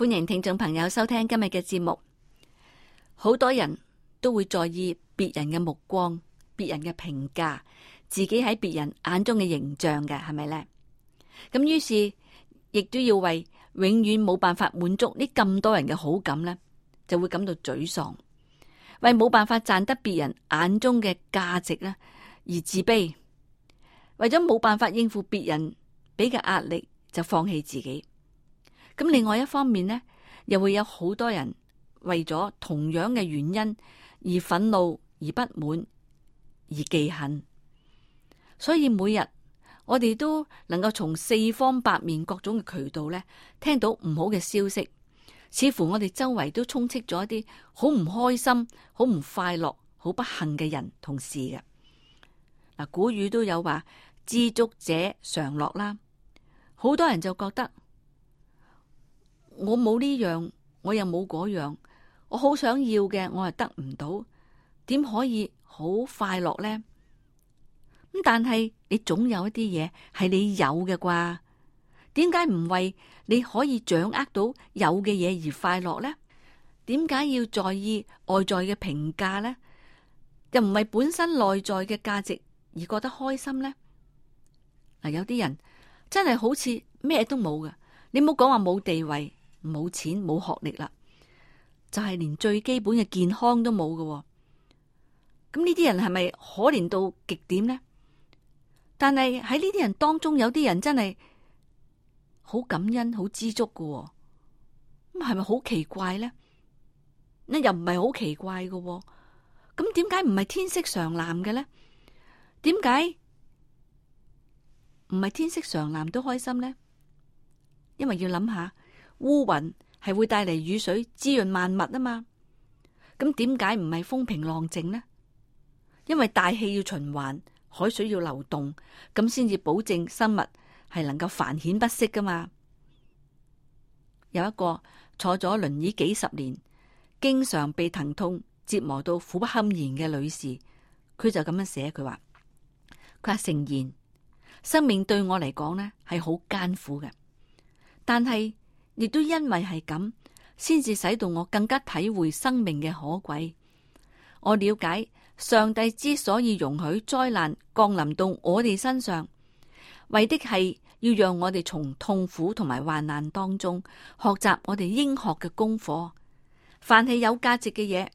歡迎聽眾朋友收聽今日嘅節目。好多人都會在意別人嘅目光、別人嘅評價，自己喺別人眼中嘅形象嘅係咪呢？咁於是亦都要為永遠冇辦法滿足呢咁多人嘅好感呢，就會感到沮喪；為冇辦法賺得別人眼中嘅價值呢，而自卑；為咗冇辦法應付別人俾嘅壓力就放棄自己。咁另外一方面呢，又會有好多人為咗同樣嘅原因而憤怒、而不滿、而記恨。所以每日我哋都能夠從四方八面各種嘅渠道咧，聽到唔好嘅消息，似乎我哋周圍都充斥咗一啲好唔開心、好唔快樂、好不幸嘅人同事嘅。嗱，古語都有話知足者常樂啦，好多人就覺得。我冇呢樣，我又冇嗰樣，我好想要嘅，我又得唔到，點可以好快樂呢？咁但係你總有一啲嘢係你有嘅啩，點解唔為你可以掌握到有嘅嘢而快樂呢？點解要在意外在嘅評價呢？又唔係本身內在嘅價值而覺得開心呢？嗱，有啲人真係好似咩都冇嘅，你唔好講話冇地位。冇錢冇學歷啦，就係、是、連最基本嘅健康都冇嘅，咁呢啲人係咪可憐到極點呢？但係喺呢啲人當中，有啲人真係好感恩、好知足嘅，咁係咪好奇怪呢？那又唔係好奇怪嘅，咁點解唔係天色常藍嘅呢？點解唔係天色常藍都開心呢？因為要諗下。烏雲係會帶嚟雨水，滋潤萬物啊嘛。咁點解唔係風平浪靜呢？因為大氣要循環，海水要流動，咁先至保證生物係能夠繁衍不息噶嘛。有一個坐咗輪椅幾十年，經常被疼痛折磨到苦不堪言嘅女士，佢就咁樣寫佢話佢話：誠然，生命對我嚟講呢係好艱苦嘅，但係。亦都因為係咁，先至使到我更加體會生命嘅可貴。我了解上帝之所以容許災難降臨到我哋身上，為的係要讓我哋從痛苦同埋患難當中學習我哋應學嘅功課。凡係有價值嘅嘢，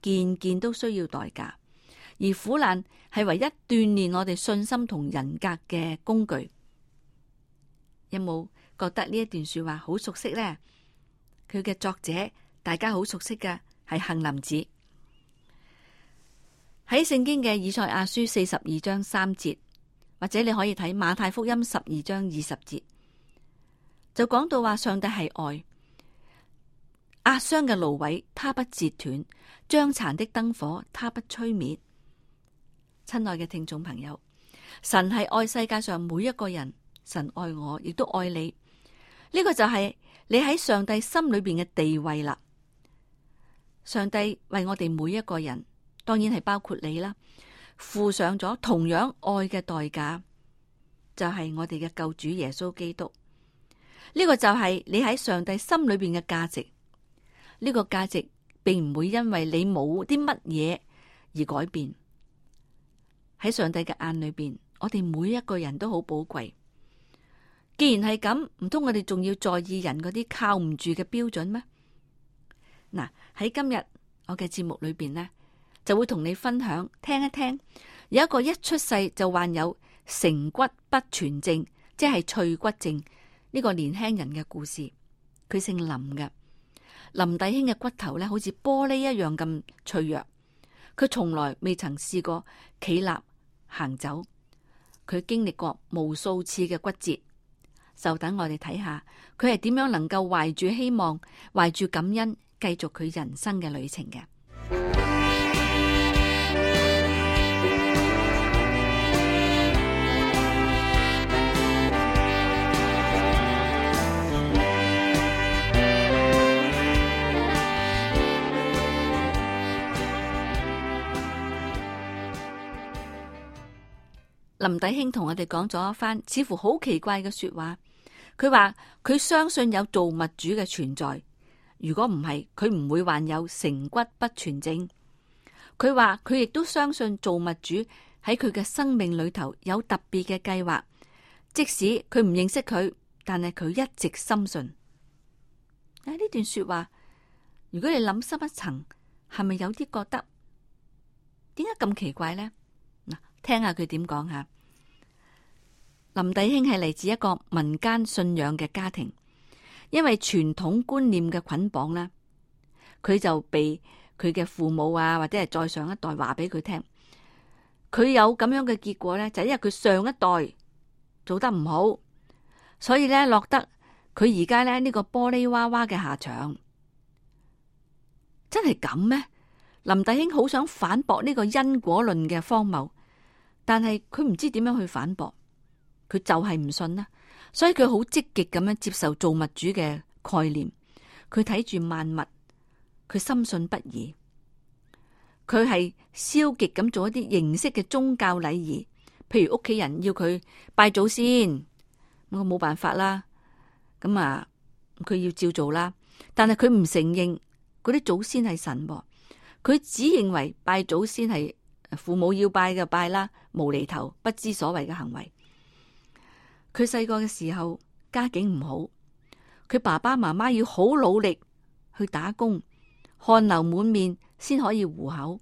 件件都需要代價。而苦難係唯一鍛煉我哋信心同人格嘅工具。有冇？覺得呢一段說話好熟悉呢？佢嘅作者大家好熟悉嘅係杏林子，喺聖經嘅以賽亞書四十二章三節，或者你可以睇馬太福音十二章二十節，就講到話上帝係愛，壓傷嘅蘆葦他不折斷，將殘的燈火他不吹滅。親愛嘅聽眾朋友，神係愛世界上每一個人，神愛我，亦都愛你。呢個就係你喺上帝心裏邊嘅地位啦。上帝為我哋每一個人，當然係包括你啦，付上咗同樣愛嘅代價，就係我哋嘅救主耶穌基督。呢個就係你喺上帝心裏邊嘅價值。呢個價值並唔會因為你冇啲乜嘢而改變。喺上帝嘅眼裏邊，我哋每一個人都好寶貴。既然係咁，唔通我哋仲要在意人嗰啲靠唔住嘅標準咩？嗱，喺今日我嘅節目裏邊呢，就會同你分享聽一聽有一個一出世就患有成骨不全症，即係脆骨症呢個年輕人嘅故事。佢姓林嘅林弟兄嘅骨頭呢，好似玻璃一樣咁脆弱。佢從來未曾試過企立行走，佢經歷過無數次嘅骨折。就等我哋睇下佢係點樣能夠懷住希望、懷住感恩，繼續佢人生嘅旅程嘅。林弟兄同我哋講咗一番，似乎好奇怪嘅說話。佢話佢相信有造物主嘅存在，如果唔係，佢唔會患有成骨不全症。佢話佢亦都相信造物主喺佢嘅生命裏頭有特別嘅計劃，即使佢唔認識佢，但係佢一直深信。喺呢段說話，如果你諗深一層，係咪有啲覺得點解咁奇怪呢？嗱，聽下佢點講吓。林弟兄係嚟自一個民間信仰嘅家庭，因為傳統觀念嘅捆綁咧，佢就被佢嘅父母啊，或者係再上一代話俾佢聽，佢有咁樣嘅結果咧，就係因為佢上一代做得唔好，所以咧落得佢而家咧呢個玻璃娃娃嘅下場，真係咁咩？林弟兄好想反駁呢個因果論嘅荒謬，但係佢唔知點樣去反駁。佢就係唔信啦，所以佢好積極咁樣接受造物主嘅概念。佢睇住萬物，佢深信不疑。佢係消極咁做一啲形式嘅宗教禮儀，譬如屋企人要佢拜祖先，咁我冇辦法啦。咁啊，佢要照做啦。但係佢唔承認嗰啲祖先係神噃，佢只認為拜祖先係父母要拜嘅拜啦，無厘頭不知所謂嘅行為。佢細個嘅時候家境唔好，佢爸爸媽媽要好努力去打工，汗流滿面先可以糊口。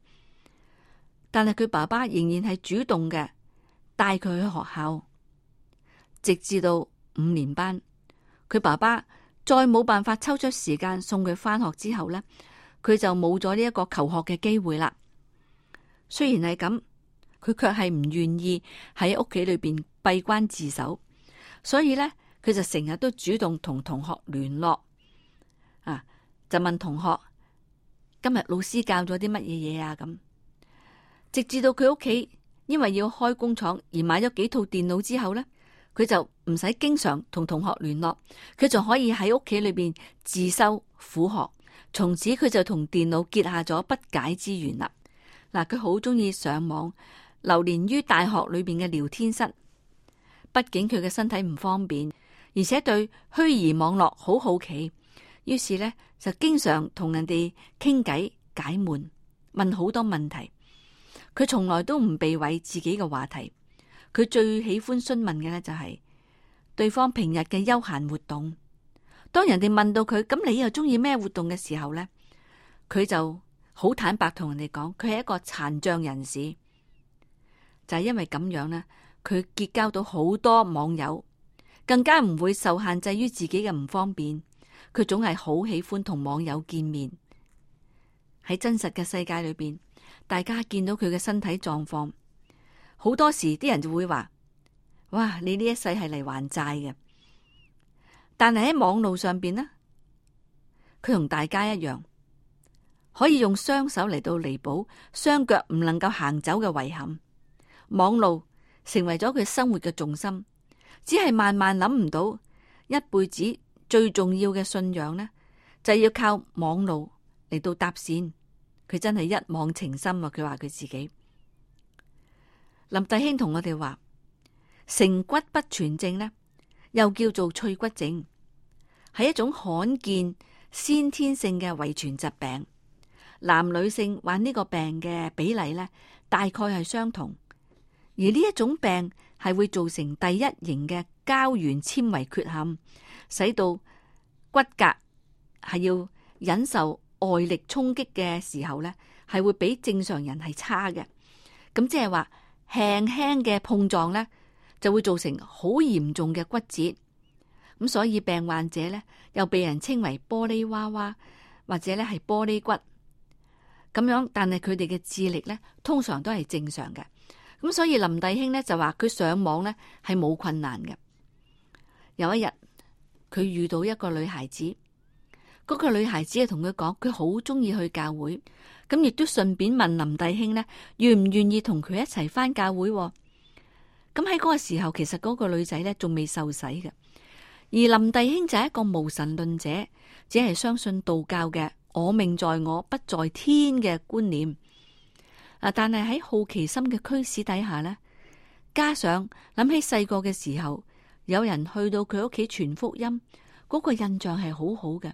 但係佢爸爸仍然係主動嘅帶佢去學校，直至到五年班，佢爸爸再冇辦法抽出時間送佢返學之後咧，佢就冇咗呢一個求學嘅機會啦。雖然係咁，佢卻係唔願意喺屋企裏邊閉關自守。所以咧，佢就成日都主動同同學聯絡，啊，就問同學今日老師教咗啲乜嘢嘢啊咁。直至到佢屋企因為要開工廠而買咗幾套電腦之後咧，佢就唔使經常同同學聯絡，佢仲可以喺屋企裏邊自修苦學。從此佢就同電腦結下咗不解之緣啦。嗱，啊，佢好中意上網流連於大學裏邊嘅聊天室。畢竟佢嘅身體唔方便，而且對虛擬網絡好好奇，於是咧就經常同人哋傾偈解悶，問好多問題。佢從來都唔避諱自己嘅話題，佢最喜歡詢問嘅咧就係對方平日嘅休閒活動。當人哋問到佢，咁你又中意咩活動嘅時候咧，佢就好坦白同人哋講，佢係一個殘障人士，就係因為咁樣咧。佢結交到好多網友，更加唔會受限制於自己嘅唔方便。佢總係好喜歡同網友見面。喺真實嘅世界裏邊，大家見到佢嘅身體狀況，好多時啲人就會話：哇，你呢一世係嚟還債嘅。但係喺網路上邊呢，佢同大家一樣，可以用雙手嚟到彌補雙腳唔能夠行走嘅遺憾。網路。成為咗佢生活嘅重心，只係慢慢諗唔到，一輩子最重要嘅信仰呢，就要靠網路嚟到搭線。佢真係一網情深啊！佢話佢自己林大興同我哋話，成骨不全症呢，又叫做脆骨症，係一種罕見先天性嘅遺傳疾病。男女性患呢個病嘅比例呢，大概係相同。而呢一種病係會造成第一型嘅膠原纖維缺陷，使到骨骼係要忍受外力衝擊嘅時候咧，係會比正常人係差嘅。咁即係話輕輕嘅碰撞咧，就會造成好嚴重嘅骨折。咁所以病患者咧，又被人稱為玻璃娃娃或者咧係玻璃骨咁樣，但係佢哋嘅智力咧通常都係正常嘅。咁所以林弟兄咧就話佢上網咧係冇困難嘅。有一日佢遇到一個女孩子，嗰、那個女孩子係同佢講佢好中意去教會，咁亦都順便問林弟兄咧願唔願意同佢一齊返教會。咁喺嗰個時候，其實嗰個女仔咧仲未受洗嘅，而林弟兄就係一個無神論者，只係相信道教嘅我命在我不在天嘅觀念。啊！但係喺好奇心嘅驅使底下咧，加上諗起細個嘅時候，有人去到佢屋企傳福音，嗰個印象係好好嘅。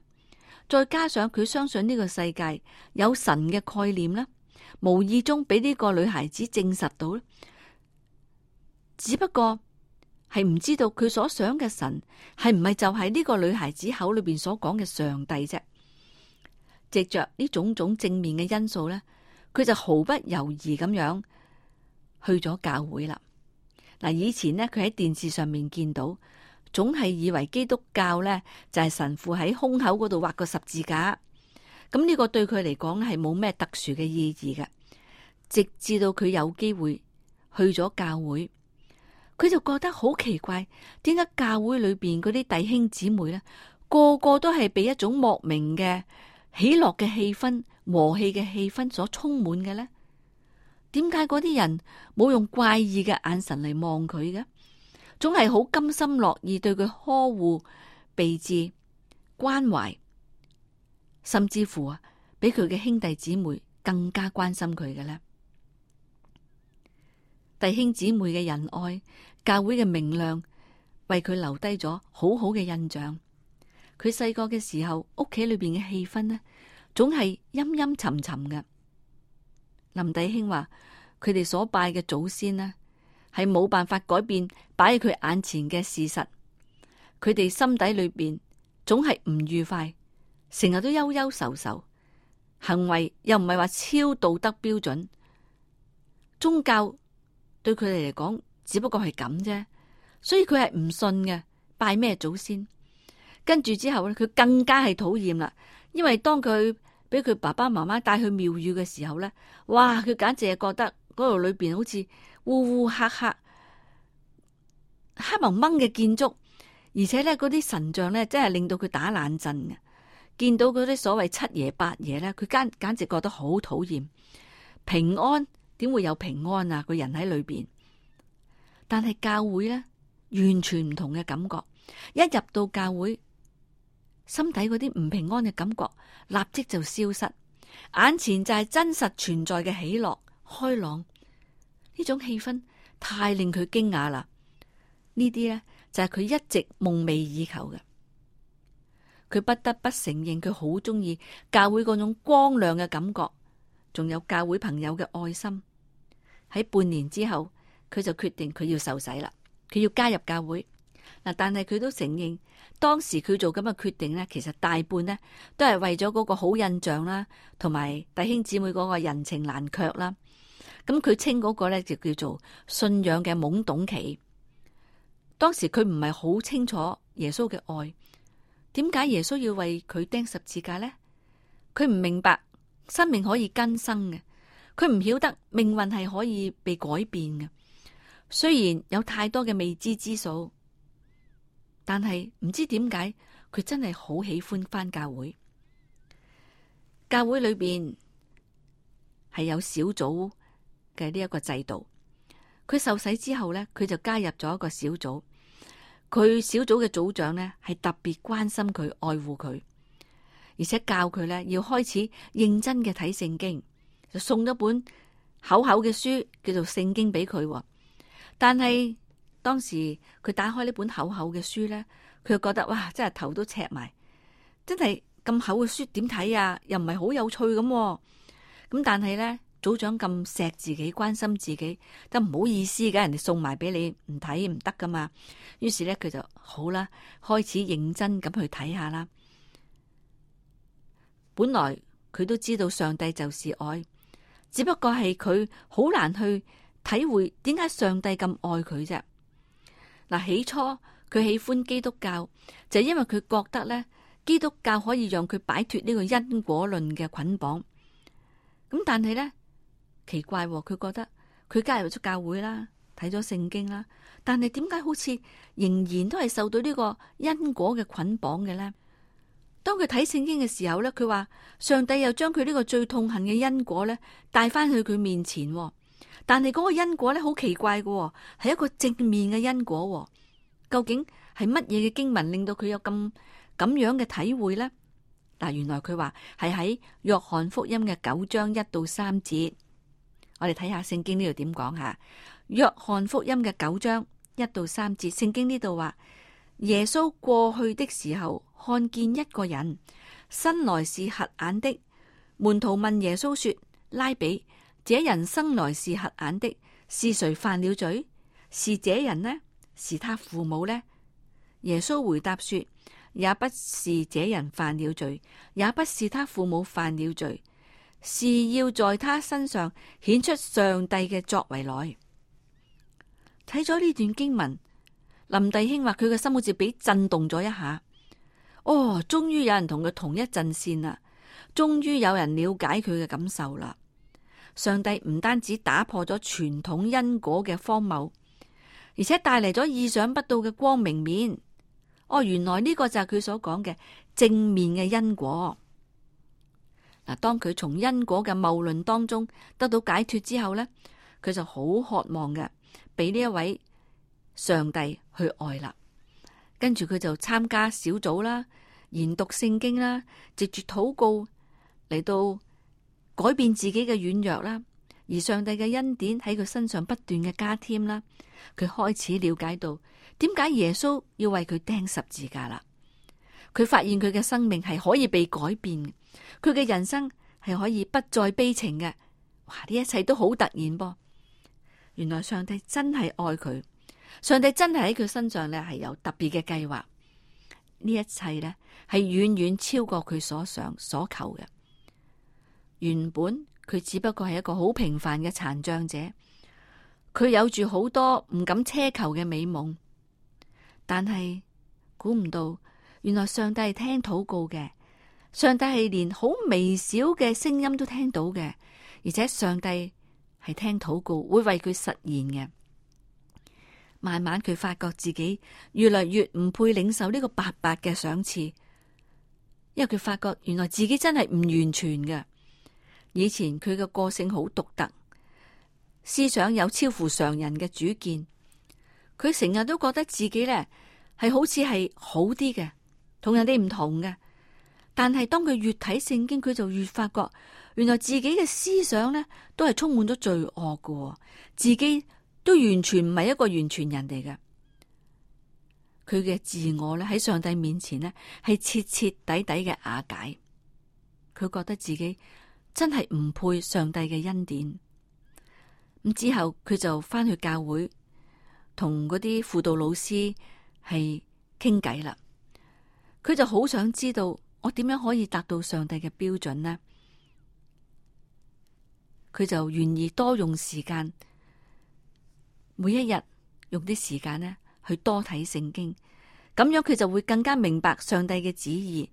再加上佢相信呢個世界有神嘅概念咧，無意中俾呢個女孩子證實到。只不過係唔知道佢所想嘅神係唔係就係呢個女孩子口裏邊所講嘅上帝啫。藉着呢種種正面嘅因素咧。佢就毫不猶豫咁樣去咗教會啦。嗱，以前咧，佢喺電視上面見到，總係以為基督教咧就係神父喺胸口嗰度畫個十字架，咁呢個對佢嚟講係冇咩特殊嘅意義嘅。直至到佢有機會去咗教會，佢就覺得好奇怪，點解教會裏邊嗰啲弟兄姊妹咧，個個都係被一種莫名嘅喜樂嘅氣氛。和氣嘅氣氛所充滿嘅咧，點解嗰啲人冇用怪異嘅眼神嚟望佢嘅？總係好甘心樂意對佢呵護、備至、關懷，甚至乎啊，比佢嘅兄弟姊妹更加關心佢嘅咧。弟兄姊妹嘅仁愛，教會嘅明亮，為佢留低咗好好嘅印象。佢細個嘅時候，屋企裏邊嘅氣氛呢？總係陰陰沉沉嘅。林弟兄話：佢哋所拜嘅祖先呢，係冇辦法改變擺喺佢眼前嘅事實。佢哋心底裏邊總係唔愉快，成日都憂憂愁愁，行為又唔係話超道德標準。宗教對佢哋嚟講只不過係咁啫，所以佢係唔信嘅，拜咩祖先？跟住之後呢，佢更加係討厭啦，因為當佢。俾佢爸爸媽媽帶去廟宇嘅時候咧，哇！佢簡直係覺得嗰度裏邊好似烏烏黑黑、黑蒙蒙嘅建築，而且咧，嗰啲神像咧，真係令到佢打冷震嘅。見到嗰啲所謂七爺八爺咧，佢簡簡直覺得那裡好討厭。平安點會有平安啊？個人喺裏邊，但係教會咧，完全唔同嘅感覺。一入到教會。心底嗰啲唔平安嘅感覺，立即就消失。眼前就係真實存在嘅喜樂、開朗呢種氣氛，太令佢驚訝啦！呢啲咧就係佢一直夢寐以求嘅。佢不得不承認，佢好中意教會嗰種光亮嘅感覺，仲有教會朋友嘅愛心。喺半年之後，佢就決定佢要受洗啦，佢要加入教會。嗱，但係佢都承認當時佢做咁嘅決定咧，其實大半咧都係為咗嗰個好印象啦，同埋弟兄姊妹嗰個人情難卻啦。咁佢稱嗰個咧就叫做信仰嘅懵懂期。當時佢唔係好清楚耶穌嘅愛，點解耶穌要為佢釘十字架咧？佢唔明白生命可以更生嘅，佢唔曉得命運係可以被改變嘅。雖然有太多嘅未知之數。但係唔知點解佢真係好喜歡翻教會，教會裏邊係有小組嘅呢一個制度。佢受洗之後咧，佢就加入咗一個小組。佢小組嘅組長咧，係特別關心佢、愛護佢，而且教佢咧要開始認真嘅睇聖經，就送咗本厚厚嘅書叫做《聖經》俾佢。但係。當時佢打開呢本厚厚嘅書咧，佢就覺得哇，真係頭都赤埋，真係咁厚嘅書點睇啊？又唔係好有趣咁喎，咁啊，但係咧，組長咁錫自己，關心自己，就唔好意思嘅。嘅人哋送埋俾你唔睇唔得噶嘛。於是咧，佢就好啦，開始認真咁去睇下啦。本來佢都知道上帝就是愛，只不過係佢好難去體會點解上帝咁愛佢啫。嗱，起初佢喜歡基督教，就係、是、因為佢覺得咧，基督教可以讓佢擺脫呢個因果論嘅捆綁。咁但係咧，奇怪、喎，佢覺得佢加入咗教會啦，睇咗聖經啦，但係點解好似仍然都係受到呢個因果嘅捆綁嘅咧？當佢睇聖經嘅時候咧，佢話上帝又將佢呢個最痛恨嘅因果咧帶翻去佢面前。但係嗰個因果咧，好奇怪嘅，係一個正面嘅因果。究竟係乜嘢嘅經文令到佢有咁咁樣嘅體會呢？嗱，原來佢話係喺約翰福音嘅九章一到三節。我哋睇下聖經呢度點講吓。約翰福音嘅九章一到三節，聖經呢度話耶穌過去的時候，看見一個人生來是瞎眼的。門徒問耶穌說：拉比。這人生來是瞎眼的，是誰犯了罪？是這人呢？是他父母呢？耶穌回答說：也不是這人犯了罪，也不是他父母犯了罪，是要在他身上顯出上帝嘅作為來。睇咗呢段經文，林弟兄話佢嘅心好似被震動咗一下。哦，終於有人同佢同一陣線啦！終於有人了解佢嘅感受啦！上帝唔單止打破咗傳統因果嘅荒謬，而且帶嚟咗意想不到嘅光明面。哦，原來呢個就係佢所講嘅正面嘅因果。嗱，當佢從因果嘅謬論當中得到解脫之後咧，佢就好渴望嘅，俾呢一位上帝去愛啦。跟住佢就參加小組啦，研讀聖經啦，接住禱告嚟到。改變自己嘅軟弱啦，而上帝嘅恩典喺佢身上不斷嘅加添啦，佢開始了解到點解耶穌要為佢釘十字架啦。佢發現佢嘅生命係可以被改變，佢嘅人生係可以不再悲情嘅。哇！呢一切都好突然噃，原來上帝真係愛佢，上帝真係喺佢身上咧係有特別嘅計劃。呢一切咧係遠遠超過佢所想所求嘅。原本佢只不過係一個好平凡嘅殘障者，佢有住好多唔敢奢求嘅美夢，但係估唔到，原來上帝係聽禱告嘅，上帝係連好微小嘅聲音都聽到嘅，而且上帝係聽禱告會為佢實現嘅。慢慢佢發覺自己越來越唔配領受呢個白白嘅賞賜，因為佢發覺原來自己真係唔完全嘅。以前佢嘅個性好獨特，思想有超乎常人嘅主見。佢成日都覺得自己咧係好似係好啲嘅，同人哋唔同嘅。但係當佢越睇聖經，佢就越發覺原來自己嘅思想咧都係充滿咗罪惡嘅，自己都完全唔係一個完全人嚟嘅。佢嘅自我咧喺上帝面前呢係徹徹底底嘅瓦解，佢覺得自己。真係唔配上帝嘅恩典。咁之後佢就返去教會，同嗰啲輔導老師係傾偈啦。佢就好想知道我點樣可以達到上帝嘅標準呢？佢就願意多用時間，每一日用啲時間呢去多睇聖經，咁樣佢就會更加明白上帝嘅旨意。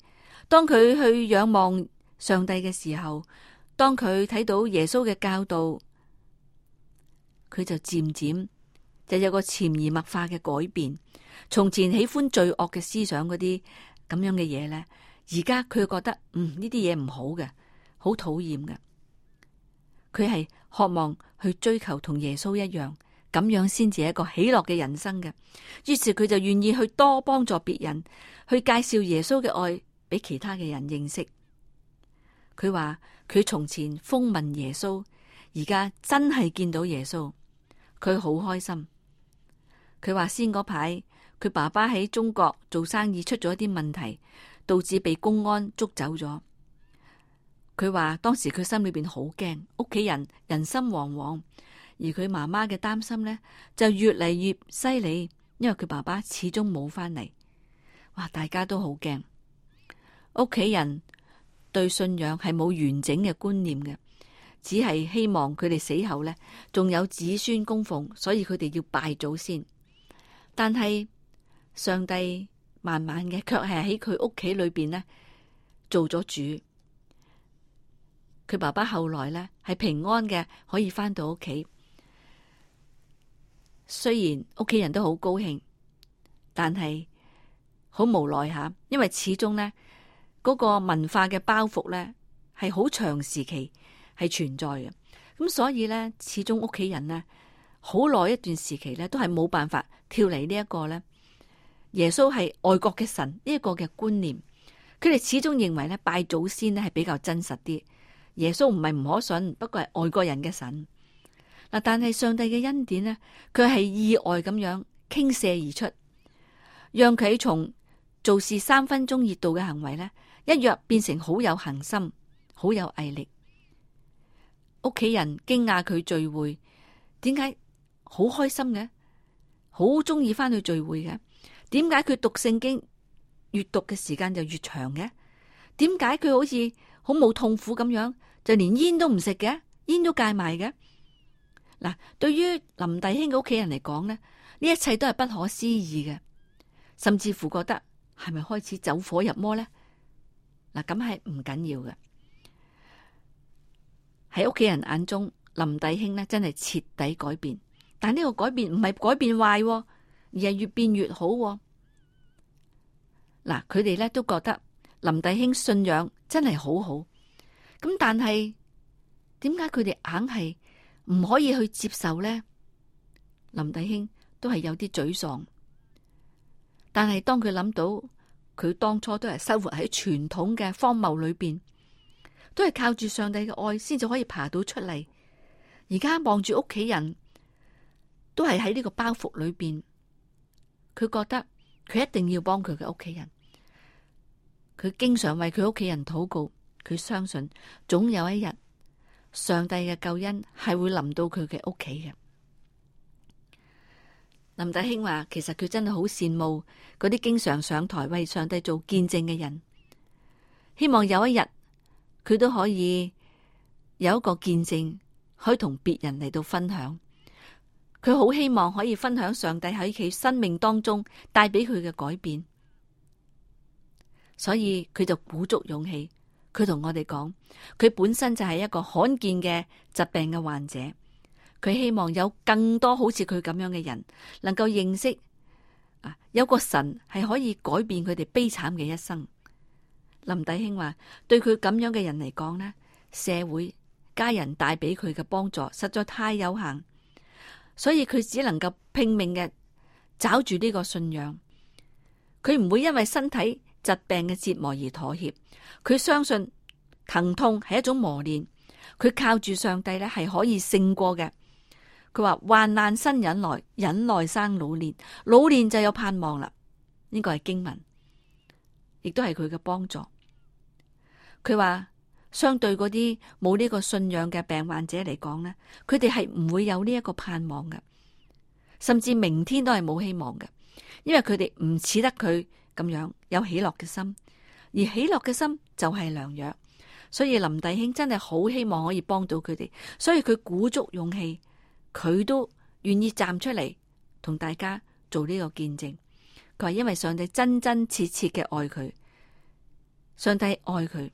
當佢去仰望，上帝嘅時候，當佢睇到耶穌嘅教導，佢就漸漸就有個潛移默化嘅改變。從前喜歡罪惡嘅思想嗰啲咁樣嘅嘢咧，而家佢覺得嗯呢啲嘢唔好嘅，好討厭嘅。佢係渴望去追求同耶穌一樣，咁樣先至係一個喜樂嘅人生嘅。於是佢就願意去多幫助別人，去介紹耶穌嘅愛俾其他嘅人認識。佢話佢從前風聞耶穌，而家真係見到耶穌，佢好開心。佢話先嗰排佢爸爸喺中國做生意出咗啲問題，導致被公安捉走咗。佢話當時佢心裏邊好驚，屋企人人心惶惶，而佢媽媽嘅擔心呢就越嚟越犀利，因為佢爸爸始終冇翻嚟。哇，大家都好驚，屋企人。對信仰係冇完整嘅觀念嘅，只係希望佢哋死後咧仲有子孫供奉，所以佢哋要拜祖先。但係上帝慢慢嘅，卻係喺佢屋企裏邊咧做咗主。佢爸爸後來咧係平安嘅，可以返到屋企。雖然屋企人都好高興，但係好無奈下，因為始終咧。嗰、那個文化嘅包袱咧，係好長時期係存在嘅。咁所以咧，始終屋企人咧，好耐一段時期咧，都係冇辦法跳離呢一個咧。耶穌係外國嘅神呢一個嘅觀念，佢哋始終認為咧拜祖先咧係比較真實啲。耶穌唔係唔可信，不過係外國人嘅神嗱。但係上帝嘅恩典咧，佢係意外咁樣傾瀉而出，讓佢從做事三分鐘熱度嘅行為咧。一約變成好有恆心，好有毅力。屋企人驚訝佢聚會，點解好開心嘅？好中意翻去聚會嘅？點解佢讀聖經越讀嘅時間就越長嘅？點解佢好似好冇痛苦咁樣，就連煙都唔食嘅，煙都戒埋嘅？嗱，對於林弟兄嘅屋企人嚟講咧，呢一切都係不可思議嘅，甚至乎覺得係咪開始走火入魔咧？嗱，咁係唔緊要嘅，喺屋企人眼中，林弟兄咧真係徹底改變。但呢個改變唔係改變壞，而係越變越好。嗱，佢哋咧都覺得林弟兄信仰真係好好。咁但係，點解佢哋硬係唔可以去接受咧？林弟兄都係有啲沮喪，但係當佢諗到。佢當初都係生活喺傳統嘅荒謬裏邊，都係靠住上帝嘅愛先至可以爬到出嚟。而家望住屋企人，都係喺呢個包袱裏邊，佢覺得佢一定要幫佢嘅屋企人。佢經常為佢屋企人禱告，佢相信總有一日上帝嘅救恩係會臨到佢嘅屋企嘅。林大興話：，其實佢真係好羨慕嗰啲經常上台為上帝做見證嘅人，希望有一日佢都可以有一個見證，可以同別人嚟到分享。佢好希望可以分享上帝喺佢生命當中帶俾佢嘅改變，所以佢就鼓足勇氣，佢同我哋講，佢本身就係一個罕見嘅疾病嘅患者。佢希望有更多好似佢咁樣嘅人，能夠認識啊，有個神係可以改變佢哋悲慘嘅一生。林弟兄話，對佢咁樣嘅人嚟講呢，社會、家人帶俾佢嘅幫助實在太有限，所以佢只能夠拼命嘅找住呢個信仰。佢唔會因為身體疾病嘅折磨而妥協。佢相信疼痛係一種磨練。佢靠住上帝咧係可以勝過嘅。佢話患難生忍耐，忍耐生老練，老練就有盼望啦。呢個係經文，亦都係佢嘅幫助。佢話相對嗰啲冇呢個信仰嘅病患者嚟講咧，佢哋係唔會有呢一個盼望嘅，甚至明天都係冇希望嘅，因為佢哋唔似得佢咁樣有喜樂嘅心，而喜樂嘅心就係良藥。所以林弟兄真係好希望可以幫到佢哋，所以佢鼓足勇氣。佢都願意站出嚟同大家做呢個見證，佢係因為上帝真真切切嘅愛佢，上帝愛佢，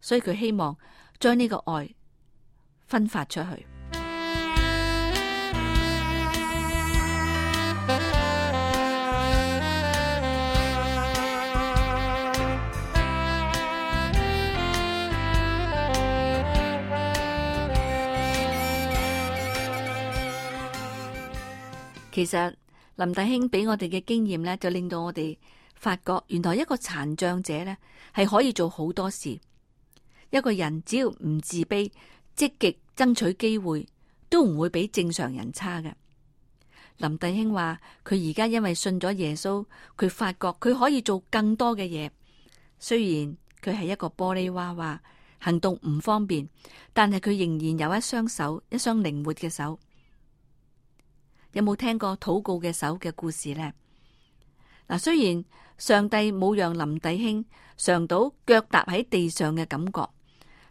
所以佢希望將呢個愛分發出去。其實林大興俾我哋嘅經驗咧，就令到我哋發覺，原來一個殘障者咧係可以做好多事。一個人只要唔自卑，積極爭取機會，都唔會比正常人差嘅。林大興話：佢而家因為信咗耶穌，佢發覺佢可以做更多嘅嘢。雖然佢係一個玻璃娃娃，行動唔方便，但係佢仍然有一雙手，一雙靈活嘅手。有冇聽過禱告嘅手嘅故事呢？嗱，雖然上帝冇讓林弟兄嘗到腳踏喺地上嘅感覺，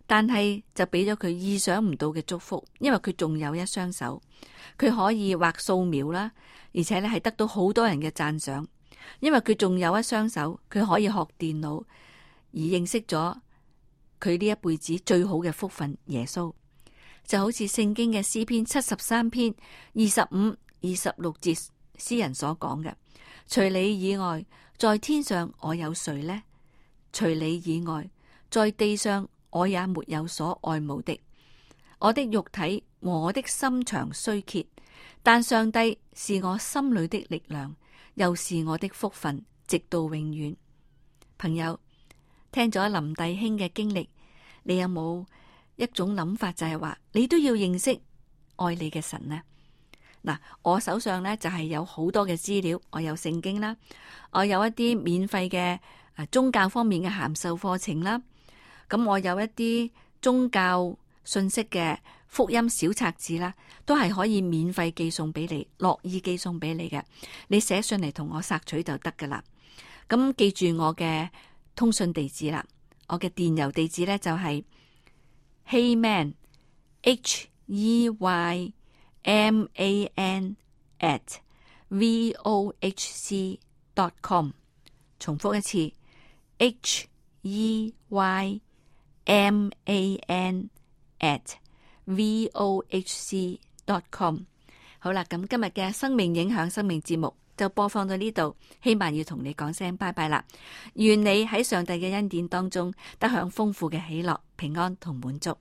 但係就俾咗佢意想唔到嘅祝福，因為佢仲有一雙手，佢可以畫素描啦，而且咧係得到好多人嘅讚賞，因為佢仲有一雙手，佢可以學電腦，而認識咗佢呢一輩子最好嘅福分耶穌，就好似聖經嘅詩篇七十三篇二十五。二十六節詩人所講嘅，除你以外，在天上我有誰呢？除你以外，在地上我也沒有所愛慕的。我的肉體，我的心腸衰竭，但上帝是我心裏的力量，又是我的福分，直到永遠。朋友，聽咗林弟兄嘅經歷，你有冇一種諗法就，就係話你都要認識愛你嘅神呢？嗱，我手上咧，就係有好多嘅資料，我有聖經啦，我有一啲免費嘅宗教方面嘅函授課程啦，咁我有一啲宗教信息嘅福音小冊子啦，都係可以免費寄送俾你，樂意寄送俾你嘅，你寫信嚟同我索取就得噶啦。咁記住我嘅通訊地址啦，我嘅電郵地址咧就係 Hey Man，H E Y。man at vohc dot com，重複一次，h e y m a n at vohc dot com，好啦，咁今日嘅生命影響生命節目就播放到呢度，希望要同你講聲拜拜啦，願你喺上帝嘅恩典當中得享豐富嘅喜樂、平安同滿足。